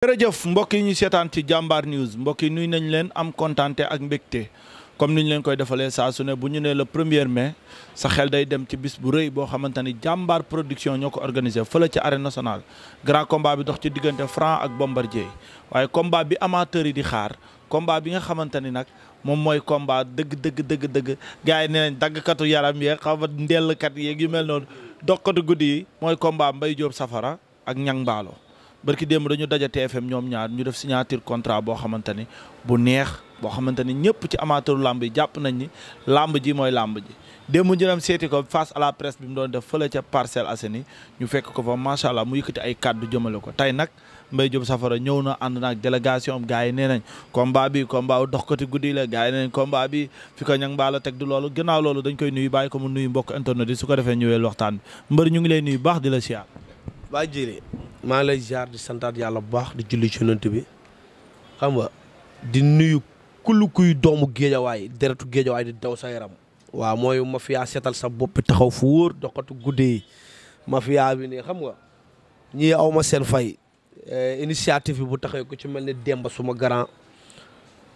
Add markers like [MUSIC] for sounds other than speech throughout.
jërëjëf mbokk yi ñu seetaan ci jàmbaar mbokk yi nuy nañ leen am kontante ak mbégte comme ni ñu leen koy defalee saa su ne bu ñu nee la premier mais sa xel day dem ci bis bu rëy boo xamante ni jàmbaar production ñoo ko organisé fële ci arène nationale grand combat bi dox ci diggante Franc ak Bombardier waaye combat bi amateur yi di xaar combat bi nga xamante ni nag moom mooy combat dëgg dëgg dëgg dëgg gars yi nee daggkatu yaram yee xaw ma ndellkat yeeg yu mel noonu doxkatu guddi mooy combat Mbaye Diop Safara ak Niang barki démb dañu daja TFM ñoom ñaar ñu def signature contrat boo xamante ni bu neex boo xamante ni ñëpp ci amateuru làmb yi jàpp nañ ni làmb ji mooy làmb ji démb ñu dem seeti ko face à la presse bi mu doon def fële ca Parcelles Assainies ñu fekk ko fa macha allah mu yëkkati ay kàddu jëmale ko tey nag mbay Diop Safara ñëw na ànd naag délégation am gars yi nee nañ combat bi combat dox ko ci guddi la gars yi nee nañ combat bi fi ko ñang baala teg du loolu gannaaw ko mu nuyu mbokk internet yi su ko defee ñëwee waxtaan bi ñu ngi lay nuyu baax di la siyaar baa jëlee maa lay jaar di santaat yàlla bu baax di julli ci nant bi xam nga di nuyu kullu kuy doomu géejawaay deretu géejawaay di daw sa yaram. waaw mooy mafia seetal sa bopp taxaw fu wóor doxatu guddee yi mafia bi ne xam nga ñii aw ma seen fay eh, initiative bi bu taxawee ku ci mel ni Demba suma grand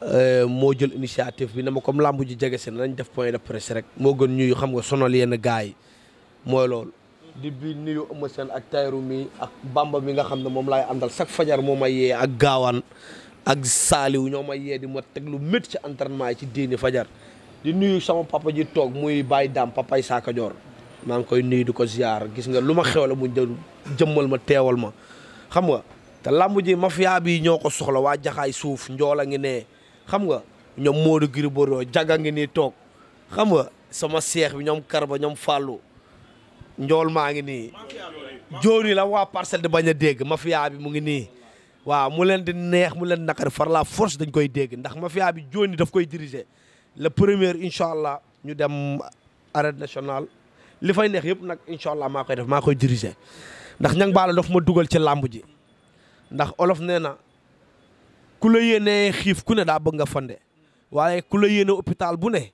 eh, moo jël initiative bi na ma comme làmb ji jege seen si nañ def point de presse rek moo gën ñuy xam nga sonal yenn gars yi mooy loolu. di bi nuyu Eumeu Sène ak tayru mi ak Bamba mi nga xamne mom lay andal fajar moma yé ak gawan ak saliw ñoma yé di ma tegg lu met ci entraînement ci diini fajar di nuyu sama papa ji tok muy dam papa isa ka Joor ma ngi koy nuyu diko ziar gis nga luma ma mu jëmmal ma teewal ma xam nga te lamb ji mafia bi ñoko soxla wa jaxay suuf ndol nga né xam nga ñom Modou jaga nga ni tok xam nga sama cheikh bi ñom Karba ñom fallu njool maa ngi nii jooni la waa parcelle di bañ a dégg mafia bi mu ngi nii waaw mu leen di neex mu leen naqari far la force dañ koy dégg ndax mafia bi jooni daf koy diriger le premier incha allah ñu dem arène nationale li fay neex yëpp nag incha allah koy def maa koy diriger ndax ñang baalo daf ma dugal ci làmb ji ndax olof nee na ku la yéenee xiif ku ne daa bëgg nga fande waaye ku la yéene hôpital bu ne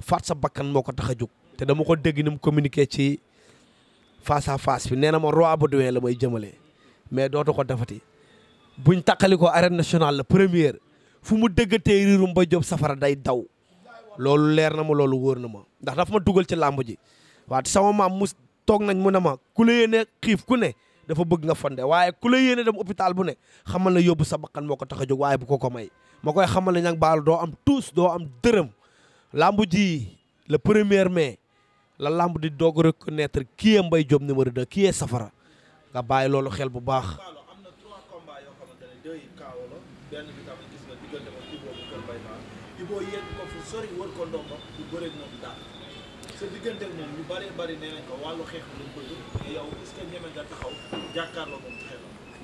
faat sa bakkan moo ko tax a jóg te dama ko dégg ni ci face à face bi nee na ma roi Baudouin la may jëmale mais dootu ko defati buñ taqali ko arène nationale la première fu mu dëggatee riirum ba job safara day daw loolu leer na ma loolu wóor na ma ndax dafa ma dugal ci làmb ji waaw sama maam mu toog nañ mu ne ma ku la yéene xiif ku ne dafa bëgg nga fonde waaye ku la yéene dem hôpital bu ne xamal na yóbbu sa bakkan moo ko tax a jóg waaye bu ko ko may moo koy xamal ne ñang baal doo am tuus doo am dërëm làmb ji le premier mai la lamb di dog reconnaître qui est mbay Diop numéro 2 qui est Safara nga baye lolu xel bu baax. sa diggante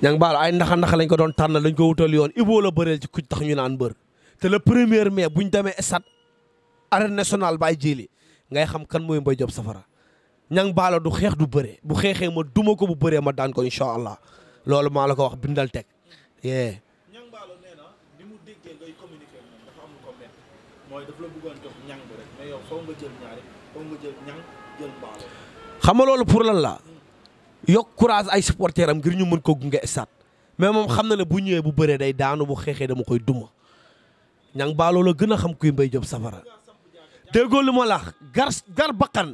ñang baal ay ndax ndax lañ ko don tan lañ ko wutal yoon ibo la beurel ci kuj tax ñu naan beur te le premier mai buñ démé stade arène nationale bay jili ngay xam kan mooy Mbaye Diop Safara ñang baalo du xeex du bëre bu xeexee ma duma ko bu bëree ma daan ko incha allah loolu maa la ko wax bindal teg yee. xam nga loolu pour lan la yokk courage ay supporteurs am ngir ñu mën ko gunge stade mais moom xam na ne bu ñëwee bu bëree day daanu bu xeexee dama koy duma ñaŋ baalo la gën a xam kuy Mbaye Diop Safara. déggoo lu la gar gar bakkan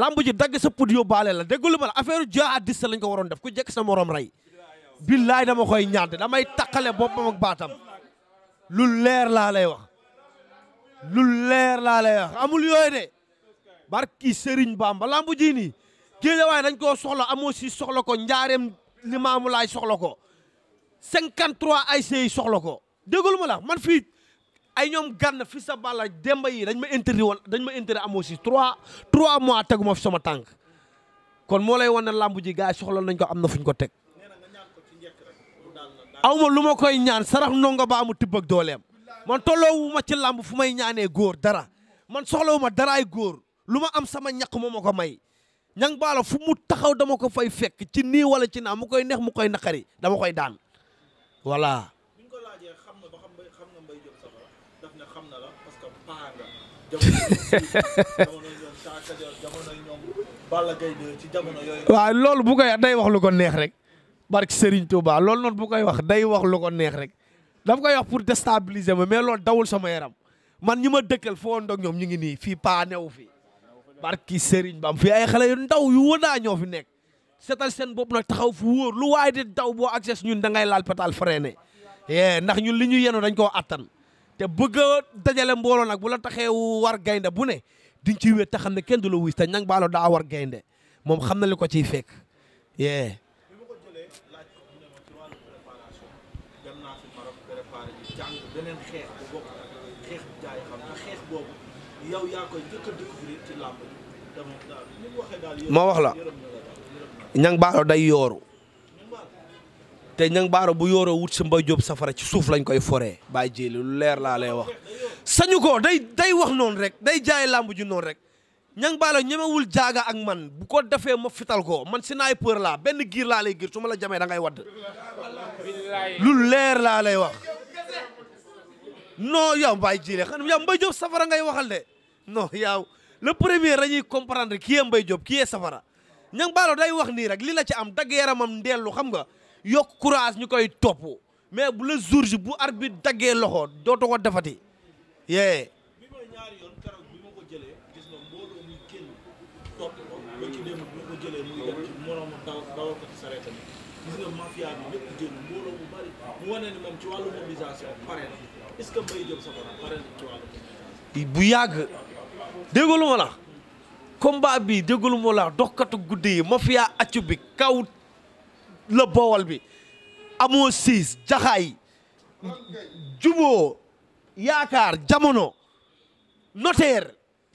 lamb ji dag sa pud balé la déggoo lu ma la affaire jihadiste lañ ko waron def ku jek sa morom ray billahi dama koy ñaante damay takalé bopam ak batam lu leer la lay wax lu leer la lay wax amul yoy dé barki Serigne Bamba lamb ji gele way dañ ko soxlo amo si soxlo ko njaareem limaamu laay soxla ko 53 ay sey soxlo ko déggoo la man fi ay ñoom gànn fi sa balla demba yi dañ ma interdit woon dañ ma interdit amoo si trois trois mois teguma fi sama tànk kon moo lay wan ne làmb ji gars soxla nañ ko am na fuñ ko teg awma lu ma koy ñaan sarax ndongo ba mu tibb ak dooleem man tolloowu ma ci làmb fu may ñaanee góor dara man soxlawu ma daraay góor lu ma am sama ñaq moo ma ko may ñang baala fu mu taxaw dama ko fay fekk ci nii wala ci naa mu koy neex mu koy naqari dama koy daan voilà [LAUGHS] waaw loolu bu koy day wax lu ko neex rek barke Serigne Touba loolu noonu bu koy wax day wax lu ko neex rek daf koy wax pour déstabiliser ma mais lool dawul sama yaram man ñi ma dëkkal foo ndoog ñoom ñu ngi nii fii paa newu fi barki Serigne Bam fii ay xale yu ndaw yu wënaa ñoo fi nekk setal seen bopp nag taxaw fu wóor lu waaye di daw boo accès ñun da ngay laal pétale freiné eh, ndax ñun li ñu yenu dañ koo attan te bëgg dajale mbooloo nag bu la taxee war gaynde bu ne diñ ci wéet te xam ne kenn du la wuy te ñang baalo daa war gaynde moom xam na li ko ciy fekk yee moo wax la ñang baalo day yooru te ñang baara bu yooroo wut si mbay joob safara ci suuf lañ koy foree baay jéeli lu leer laa lay wax sañu ko day day wax noonu rek day jaay làmb ju noonu rek ñang baala ñemewul jaaga ak man bu ko defee ma fital ko man si naay peur laa benn giir laa lay giir su ma la jamee da ngay wadd lu leer laa lay wax non yow bàyyi jéeli xam yow mbay jóob safara ngay waxal de non yow le premier dañuy comprendre qui est mbay safara ñang day wax nii rek li la ci am dagg yaramam ndeellu xam nga yokk courage ñu koy topp mais bu la jour ji bu arbitre daggee loxo dootu ko defati yee. bu yàgg déglu ma la combat bi déglu ma la doxkatu guddi yi mafia accu bi kaw. la boowal bi amoo siis jaxaay juboo yaakaar jamono notaire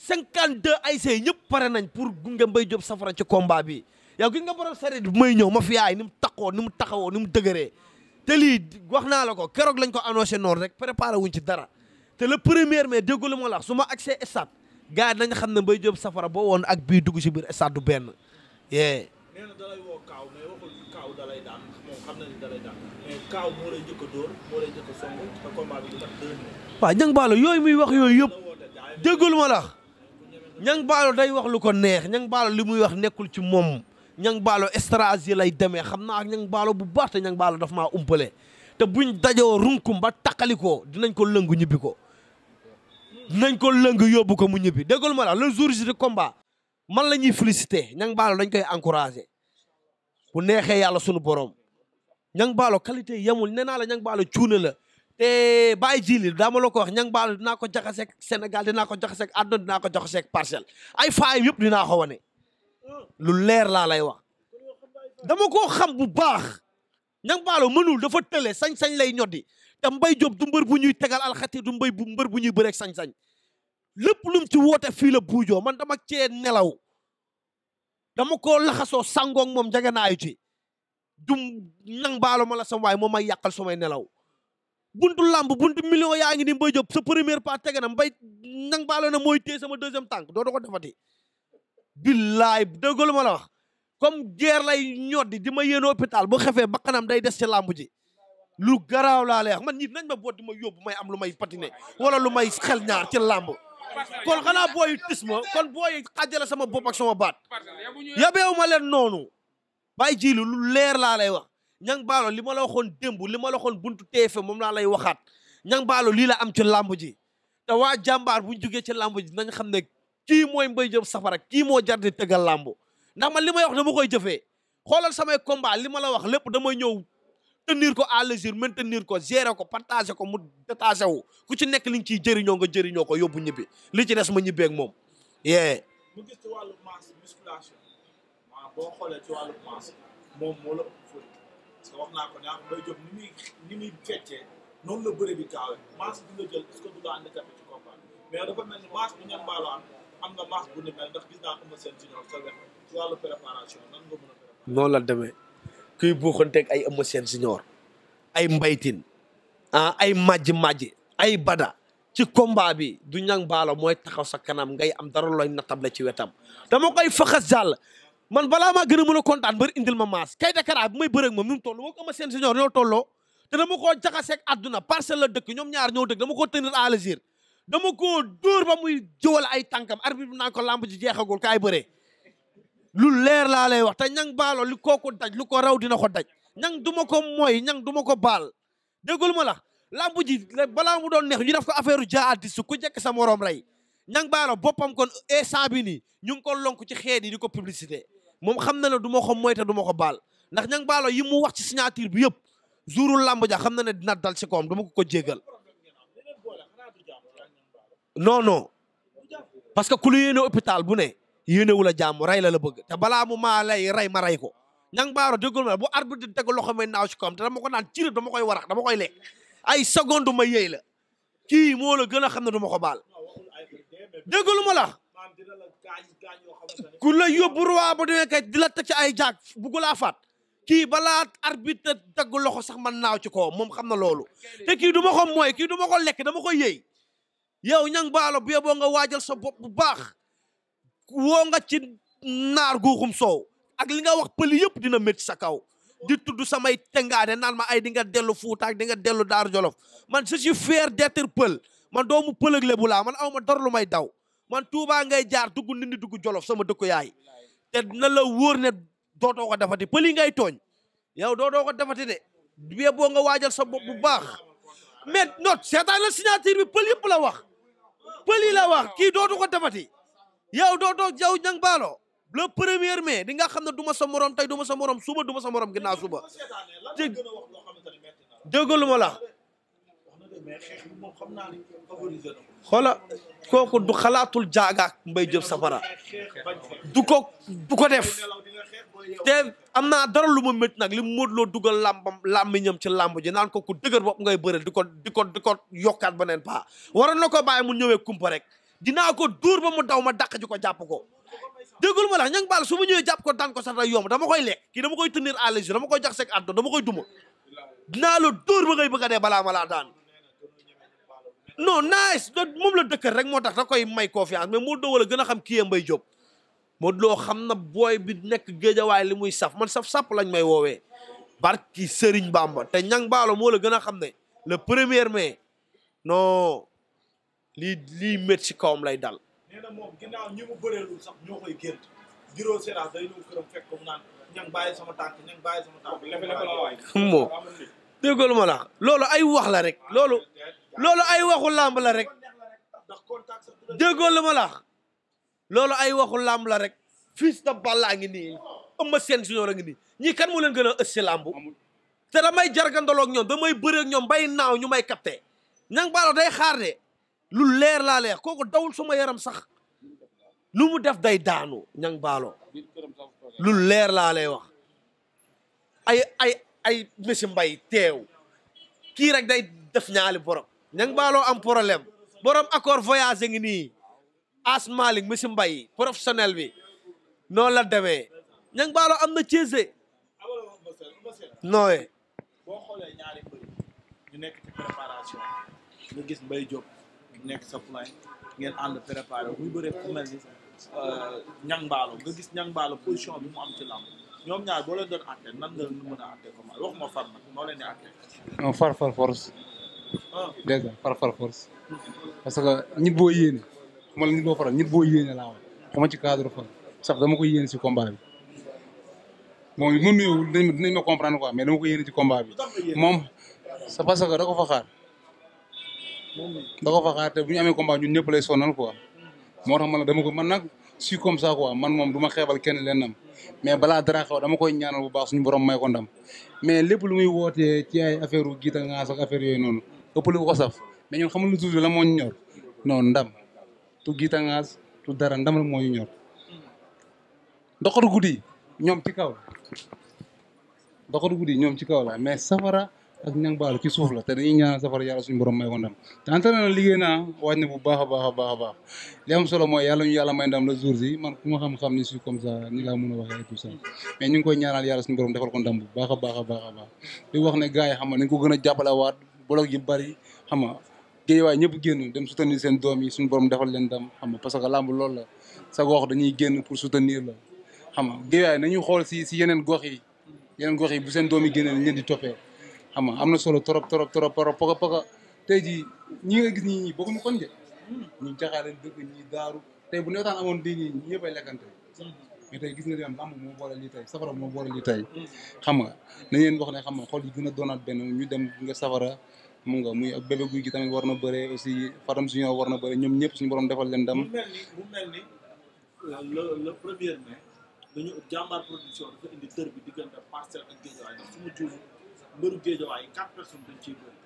cinquante deux ay see ñëpp pare nañ pour gunge Mbaye Diop Safara ci combat bi yow gi nga borom sareet bi may ñëw ma fi yaay ni mu taxoo ni mu taxawoo ni mu dëgëree te wax naa la ko keroog lañ ko annoncé noonu rek préparé wuñ ci dara te le premier mai déggu la ma la su ma accès stade gars yi nañ xam ne Mbaye Diop Safara boo woon ak bii dugg si biir stade du benn yee lay daan ndax yooyu muy wax yooyu yëpp déggul ma la Niang Ballo day wax lu ko neex Niang Ballo li muy wax nekkul ci moom Niang Ballo stratégie lay demee xam naa ak Niang Ballo bu baax te Niang Ballo daf maa umpale te buñ dajoo runkum ba taqalikoo dinañ ko lëngu ñibbi ko dinañ ko lëng yóbbu ko mu ñibbi déggul ma la le jour du combat man la ñuy félicité Niang Ballo dañ koy encouragé bu neexee yàlla sunu borom. ñang balo qualité yamul nee naa la ñang baalo cuune la te baay jili daa ma la ko wax ñang baalo dinaa ko jaxaseeg Sénégal dinaa ko jaxaseeg àdduna dinaa ko jaxaseeg parcelle ay faayam yëpp dinaa ko wane. lu leer laa lay wax dama ko xam bu baax ñang balo mënul dafa tële sañ-sañ lay ñoddi te mbay job du mbër bu ñuy tegal alxati du mbay bu mbër bu ñuy bëreeg sañ-sañ lépp lum ci woote fii la buujoo man dama cee nelaw dama koo laxasoo sangoog moom jege naa ayu ci dum nang baalo ma la sam waaye moom may yàqal samay nelaw buntu làmb buntu million yaa ngi ni Mbaye Diop sa première part tege na mbay nang baalo na mooy téye sama deuxième tànk doo da ko defati billaay dëggalu ma la wax comme guerre lay ñoddi di ma yéen hôpital bu xefee bakkanam day des ci làmb ji lu garaaw laa lay wax man nit nañ ma boot di ma yóbbu may am lu may patiné wala lu may xel ñaar ci làmb kon xanaa booy tis ma kon booy xàjjale sama bopp ak sama baat yabeewu ma leen noonu bàyyi jiilu lu leer laa lay wax ñan baalo li ma la waxoon démb li ma la waxoon buntu teefe moom laa lay waxaat ñang baalo lii la am ci làmb ji te waa jàmbaar buñ jógee ci làmb ji nañ xam ne kii mooy mbay jëm safara kii moo jar di làmb ndax man li may wax dama koy jëfee xoolal samay combat li ma la wax lépp dama ñëw tenir ko à l'usure maintenir ko gérer ko partager ko mu détaché wu ku ci nekk li nga ciy jëriñoo nga jëriñoo ko yóbbu ñibbi li ci des ma ñibbee ak moom. yee. mu gis ci wàllu masse musculation waaw boo xoolee ci wàllu masse moom moo la ëpp bi gaawee masse bi nga jël ci combat ma seen nga a préparer. noonu la demee. kuy buuxanteeg ay Eumeu Sène Junior ay mbaytin ah ay majj majj ay bada ci combat bi du ñang baalo mooy taxaw sa kanam ngay am dara looy natable ci wetam dama koy faxas jàll man balaa maa gën a mën a kontaan bari indil ma maas kay dakara bi may bërëg moom ni mu toll woog Eumeu Sène Junior ñoo tolloo te dama koo jaxaseeg àdduna parcelle la dëkk ñoom ñaar ñoo dëkk dama koo tenir à dama ko dóor ba muy jëwal ay tànkam arbitre bi naa ko lamb ji jeexagul kaay bëree lu leer laa lay wax te ñang baalo li kooku daj lu ko raw dina ko daj ñan duma ko mooy ñan duma ko baal déggul ma la lambu ji balaa mu doon neex ñu def ko affaire jaa addi su ku jekk sa morom rey ñang baalo boppam kon instant bi nii ñu ngi ko lonk ci xeet yi di ko publicité moom xam na ne duma ko moy te du ko baal ndax ñan baalo yi mu wax ci signature bi yëpp jouru lamb ja xam na ne dina dal ci koom duma ko ko jéggal non parce que ku lu yéene hôpital bu ne yéenewu la jàmm rey la la bëgg te balaa mu maa lay rey ma rey ko ñang baaro déggul bu arbitre di teg loxo may naaw si kawam te dama ko naan cirib dama koy warax dama koy lekk ay seconde ma yéy la kii moolo gën a xam ne du ma ko baal déggul ma la ku la yóbbu roi ba demee kay di la teg ci ay jaag buggu laa faat kii balaa arbitre teg loxo sax man naaw ci kawam moom xam na loolu te kii du ma ko mooy kii du ma ko lekk dama koy yéy yow ñang baalo bu yeboo nga waajal sa bopp bu baax woo nga ci naar guuxum soow ak li nga wax pëli yëpp dina métti sa kaw di tudd samay tengaade naan ma ay dinga dellu Fuuta ak nga dellu Daar Jolof man je suis fier d'être pël man doomu pël ak Lebu laa man aw ma dara lu may daw man Tuubaa ngay jaar dugg nit ñi dugg Jolof sama dëkku yaay te na la wóor ne dootoo ko defati pël yi ngay tooñ yow dootoo ko defati de bee boo nga waajal sa bop bu baax mais note seetaan la signature bi pël yëpp la wax pël la wax kii dootu ko defati yow doo doo yow ñang baalo le premier mai di nga xam ne du ma sa morom tey du ma sa morom suba du ma sa morom ginnaaw suba dégg déggalu ma la xoola kooku du xalaatul jaagaak mbay jëf safara du ko ko def te am naa dara lu ma métti nag li Modou Lo dugal làmbam làmmiñam ci làmb ji naan ko ku dëgër bopp ngay bëreel di ko di ko di ko yokkaat beneen paa waroon na ko bàyyi mu ñëwee kumpa rek dinaa ko dóor ba mu daw ma dàq ji ko jàpp ko déggul ma la ñang baal su ma ñëwee jàpp ko daan ko sax day yomb dama koy lekk kii dama koy tenir à dama koy jax seeg àdduna dama koy duma dinaa la dóor ba ngay bëgg a dee balaa ma laa daan non nice moom la dëkkal rek moo tax da koy may confiance mais moo doo wala gën a xam kii Mbaye Diop moo loo xam na booy bi nekk géejawaay li muy saf man saf sàpp lañ may woowee barki Serigne Bamba te ñang baalo moo la gën a xam ne le premier mai li li met ci kawam lay dal neena mom ginaaw ñi mu lu sax ñokoy gënt giro sera day ñu kërëm fekk ko naan ñang baye sama tank ñang baye sama tank lepp lepp la way [LAUGHS] mo deggol ma la lolu ay wax la rek lolu lolu ay waxu lamb la rek deggol ma la lolu ay waxu lamb la rek fils de balla ngi ni ëmma sen la ngi ni ñi kan mo leen gëna ëssé lamb té damay jargandol ak ñom damay bëre ak ñom bay naaw ñu may capté ñang balla day xaar dé lu leer laa leer kooku dawul sama yaram sax lu mu def day daanu ñang baalo lu leer laa lay wax ay ay ay Messi Mbaye teew kii rek day def ñaali borom ñang baalo am problème borom accord voyage ngi nii As Malick mbay Mbaye professionnel bi noonu la demee ñang baaloo am na Cissé nooye boo xoolee ñaari gis Mbaye Diop nekk sa plein ngeen ànd préparé buy bëree ku mel ni ñang euh, mbaalo nga gis ñang mbaalo position bi mu am ci làmb ñoom ñaar boo leen doon àtte nan nga mën a àtte comme wax ma far nag noo leen di àtte. non far far force. Ah. dégg nga far que nit boo yéene xam nga nit boo faral nit boo yéene laa wax dama ci cadre far sax dama ko yéene si mu nuyoo dinañ ma comprendre quoi mais dama ko yéene ci combat bi moom c'est parce que da da ko fa xaar te bu ñu amee combat ñun ñëpp lay sonal quoi moo tax man dama ko man nag si comme ça quoi man moom du ma xeebal kenn leen nam mais balaa dara xaw dama koy ñaanal bu baax suñu borom may ko ndam mais lépp lu muy wootee ci ay affaire u giita ngaas ak affaire yooyu noonu ëpp lu ko saf mais ñun xamul lu toujours la moo tu giita ngaas tu dara ndam la moo ñu ñor doxatu guddi ñoom ci kaw la doxatu guddi ñoom ci kaw la mais safara ak ñang baalu ci suuf la te dañuy ñaanal safara yàlla suñu borom may ko ndam te na liggéey naa waaj na bu baax a baax a baax a li am solo mooy yàlla ñu yàlla may ndam la jour a waxee tout koy ñaanal yàlla suñu borom defal ko ndam bu baax a baax a baax wax ne gars yi xam nga nañ ko gën a jàppale waat blog yi bari xam nga géej ñëpp génn dem soutenir seen doom yi suñu borom defal leen ndam xam nga parce que làmb loolu la sa gox dañuy génn pour soutenir la xam nga géej waay nañu xool si si yeneen gox yi yeneen gox yi bu seen doom yi génnee nañ leen di toppee xam nga am na solo trop trop trop trop poka poka tey jii ñi nga gis ñii ñii bokkuñu koñ de ñu jaxaale dëkk ñi daaru te bu neetaan amoon di ñii ñëpp ay lekkante mais tey gis nga dem lamb moo boole lii tey safara moo boole lii tey xam nga nañ leen wax ne xam nga xol yi gën a doonaat benn ñu dem nga safara mu nga muy ak bébé guy gi tamit war na bëre aussi Fadam Junior war na bëre ñoom ñëpp suñu borom defal leen ndam. mu mel ni mu mel ni le le production dafa indi tër bi diggante parcelle ak géej waaye ndax su mbëru géejawaay quatre personnes dañ ciy bëri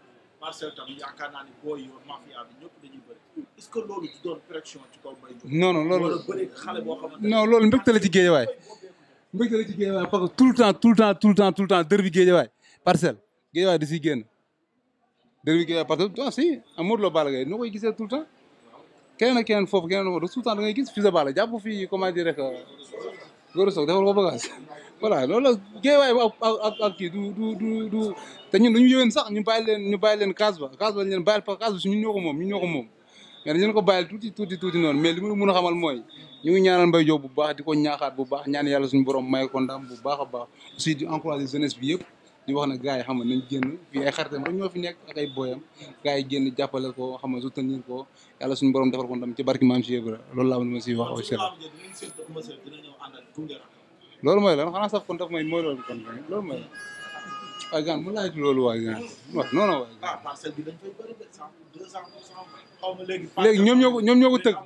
Marcel tam yaakaar naa ni booy yoon mafia bi ñëpp dañuy loolu du doon pression ci kaw Mbaye Diouf. non non loolu wala bëri xale boo xamante non loolu mbégte la ci la ci géejawaay parce que tout le temps tout le temps tout géejawaay parcelle géejawaay da siy génn géejawaay parce que ah si Modou Lo Balla noo koy gisee tout le temps keneen ak keneen foofu keneen foofu tout le temps da ngay gis fii sa Balla rek Gora Sock defal ko bagage voilà loolu la géewaay ba ak kii du du du du te ñun sax ñu bàyyi leen ñu bàyyi leen case ba case ba ñu leen bàyyil parce que case moom ñu ñoo ko moom mais ko bàyyil tuuti tuuti tuuti noonu mais li ma a xamal mooy ñu ngi ñaanal Mbaye Diop bu baax di ko ñaaxaat bu baax ñaan yàlla suñu borom may ko ndam bu baax a baax aussi di encourager jeunesse bi yëpp di wax na gars yi xam nga nañ génn fii ay xaritam rek ñoo fi nekk ak ay booyam gars yi génn jàppale ko xam nga soutenir ko yàlla suñu borom defal ko ndam ci barki maam si yëpp loolu laa ma siy wax aussi loolu mooy lan xanaa sax kon daf may mooy loolu kon loolu mooy waaye gaan mu laaj loolu waay gaan wax non non waay léegi ñoom ñoo ko ñoom ñoo ko tëgg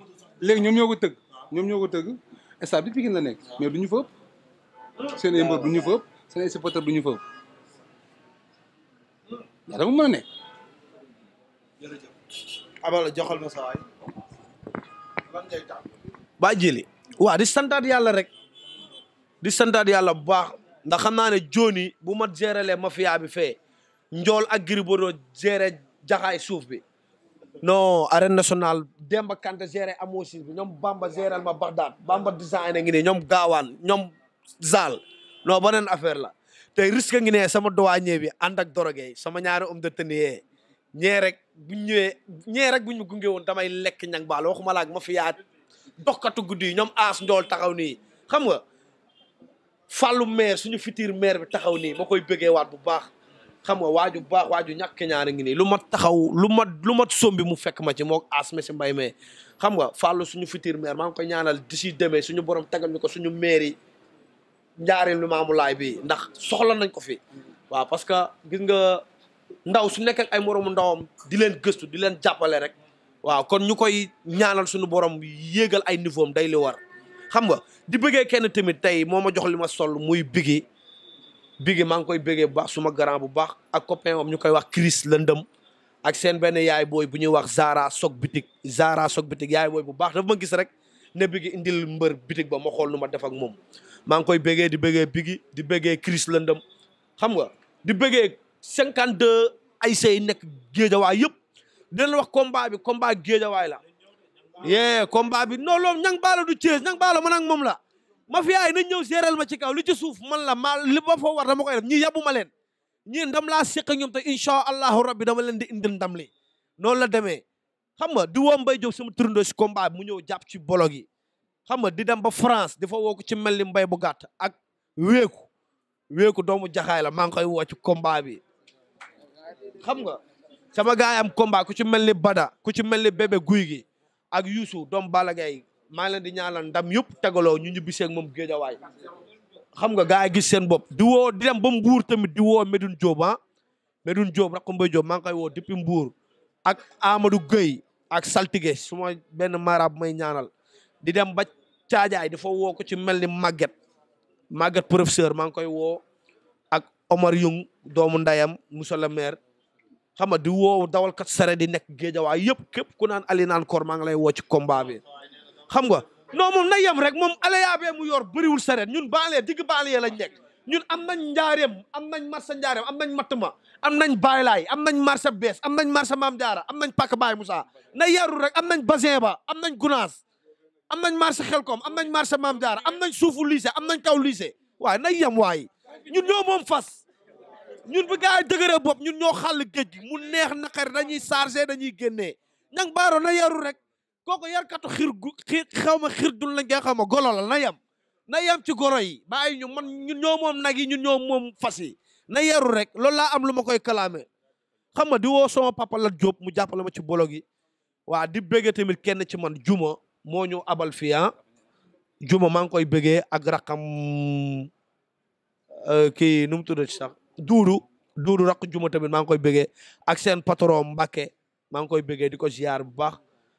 léegi ñoom ñoo ko tëgg ñoom ñoo ko tëgg stade bi Pikine la nekk mais du ñu fa ëpp seen ay mbër du ñu fa ëpp seen ay supporter du ñu fa ëpp loolu dama mën ma sa waay lan ngay tax. baa jëli waaw di santaat yàlla rek di santaat yàlla bu baax ndax xam naa ne jooni bu ma gérelee mafia bi fee njool ak Gris Bordeaux géré jaxaay suuf bi. non arène national Demba Kanté géré amosis bi ñoom Bamba géréel ma Bagdad Bamba design a ngi nii ñoom gaawaan ñoom zaal non beneen affaire la te risque ngi ne sama douanier bi and ak drogué sama ñaari um de tenue yee rek bu ñëwee ñee rek buñ ma gungé won damay lek ñang baal waxuma laag ma fi yaa dokkatu guddi yi ñoom aas njool taxaw ni xam nga fallu maire suñu futur maire bi taxaw ni makoy bëggé waat bu baax xam nga waju baax waju ñak ñaari ngi ni lu ma taxaw lu ma lu ma sombi mu fekk ma ci mok as mesi mbay me xam nga fallu suñu futur maire ma ngi koy ñaanal d'ici suñu borom tagal ñuko suñu maire njaareem li maamu laay bi ndax soxla nañ ko fi waaw parce que gis nga ndaw su nekk ay moromu ndawam di leen gëstu di leen jàppale rek waaw kon ñu koy ñaanal suñu borom yéegal ay niveau day li war xam nga di bëggee kenn tamit tey moo ma jox li ma sol muy bigi bigi maa ngi koy bëggee bu baax suma grand bu baax ak copain am ñu koy wax Chris lëndëm ak seen benn yaay booy bu ñu wax Zara Sok Bitik Zara Sok Bitik yaay booy bu baax rek ma gis rek ne bigi indil mbër bitig ba ma xool nu ma def ak moom maa ngi koy bëggee di bëggee bigi di bëggee Chris Lëndëm xam nga di bëggee cinquante deux ay say nekk géejawaay yëpp dina la wax combat bi combat géejawaay la yee combat bi non loolu ñang baala du Thiès ñang baala man ak moom la ma fi yaay nañ ñëw séeral ma ci kaw li ci suuf man la ma li ba foo war dama koy def ñi yabu ma leen ñi ndam laa séq ñoom te incha allahu rabbi dama leen di indil ndam li noonu la demee xam nga du woo mbay jóg sama turandoo si combat mu ñëw jàpp ci bolo gi xam nga di dem ba France dafa woo ko ci mel ni mbay bu gàtt ak wéeku wéeku doomu jaxaay la maa ngi koy woo ci combat bi xam nga sama gaay am combat ku ci mel ni Bada ku ci mel ni bébé guy gi ak yusu doomu Balla Gaye maa ngi leen di ñaanal ndam yëpp tegaloo ñu ñibbisee ak moom géejawaay xam nga gaay yi gis seen bopp di woo di dem ba mbuur tamit di woo medun job ah medun job rakk Mbaye job maa ngi koy woo depuis mbuur ak Amadou Gueye ak saltige su ma benn bu may ñaanal di dem ba caajaay dafa woo ko ci mel ni màgget màgget professeur maa ngi koy woo ak Omar Yung doomu ndayam monsieur le maire xam nga di woo dawalkat sare di nekk géejawaay yëpp képp ku naan ali naan kor maa ngi lay woo ci combat bi xam nga non rek moom aléyaa mu yor bëriwul saret ñun banlieue digg banlieue a nekk ñun am nañ njaareem am nañ marché njaareem am nañ mattma am nañ baylaay am nañ marché bees am nañ marché maam jaara am nañ pàkk baay Moussa na yaru rek am nañ basin ba am nañ gunaas am nañ marché xelkom am nañ marché maam jaara am nañ suufu lycée am nañ kaw lycée waaye na yem waay ñun ñoo moom fas ñun bu gaa yi dëgëree ñun ñoo xàll géej gi mu neex naqari dañuy chargé dañuy génnee ñang baaro na yaru rek kooku yarkatu xir gu xir xaw ma xir dun lañ nga xaw ma golo la na yem na yam ci goro yi bàyyi ñu man ñun ñoo mom nag yi ñun ñoo mom fasi na yaru rek lool la am luma koy kalaame xam nga di wo sama papa la job mu jàppale ma ci bolo gi wa di bege tamit kenn ci man juma mo ñu abal fi ha ah. juma maa ngi koy bëggee ak rakam euh ki num tudde ci sax duru duru rak juma tamit maa ngi koy bëggee ak sen patron Mbacke maa koy di ziar bu baax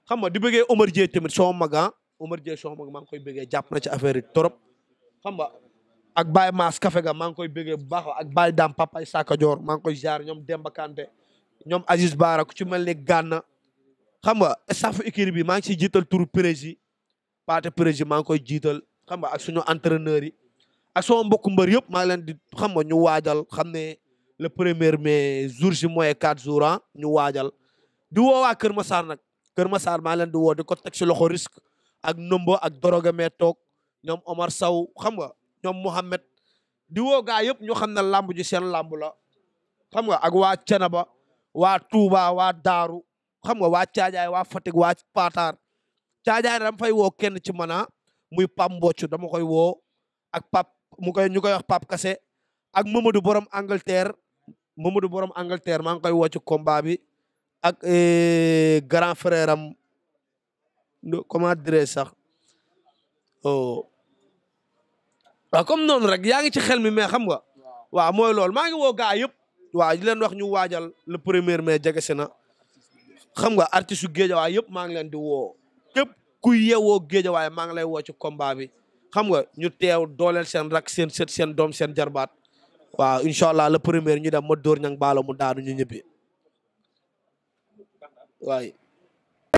xam nga di bege Omar Dieye tamit sama magan ah. Omar Dieng Sox mag maa ngi koy bëggee jàpp na ci affaire yi trop xam nga ak Baye Mass Café ga maa ngi koy bëggee bu baax ak Baye Dam Papay Saka maa ngi koy jaar ñoom Demba Kanté ñoom Aziz Bara ku ci mel ni Gana xam nga staff équipe maa ngi ciy jiital turu prési paate prési maa ngi koy jiital xam nga ak suñu entraîneurs yi ak sama mbokku mbër yëpp maa ngi leen di xam nga ñu waajal xam ne le premier mai jour ji mooy quatre jours ah ñu waajal di woo waa Kër saar nag Kër ma saar maa leen di woo di ko teg si loxo risque ak nombo ak dorogamee toog ñoom Omar Saw xam nga ñoom Mouhamed di ga gaa yëpp ñu xam na làmb ji seen làmb la xam nga ak waa Cenaba waa Touba wa Daaru xam nga waa Caajaay waa Fatick waa Pataar Caajaay dama fay woo kenn ci mana ah, muy Pap Mbocc dama koy woo ak Pap koy ñu koy wax Pap Kase ak Mamadou borom Angleterre Mamadou borom Angleterre maa koy woo ci combat ak eh, grand frère comment dire sax oh. waaw comme non rek yaa ngi ci xel mi mais xam nga wa moy lol ma ngi wo gaay yeb wa di len wax ñu wajal le premier mai jege si xam nga artiste yu géejawaay yeb ma ngi len di kep ku yewo yeewoo géejawaay ma ngi lay wo ci combat bi xam nga ñu teew dolel sen rak sen set sen dom sen jarbat wa inshallah le premier ñu dem mo dóor ñang balamu daanu ñu ñëbbi waaye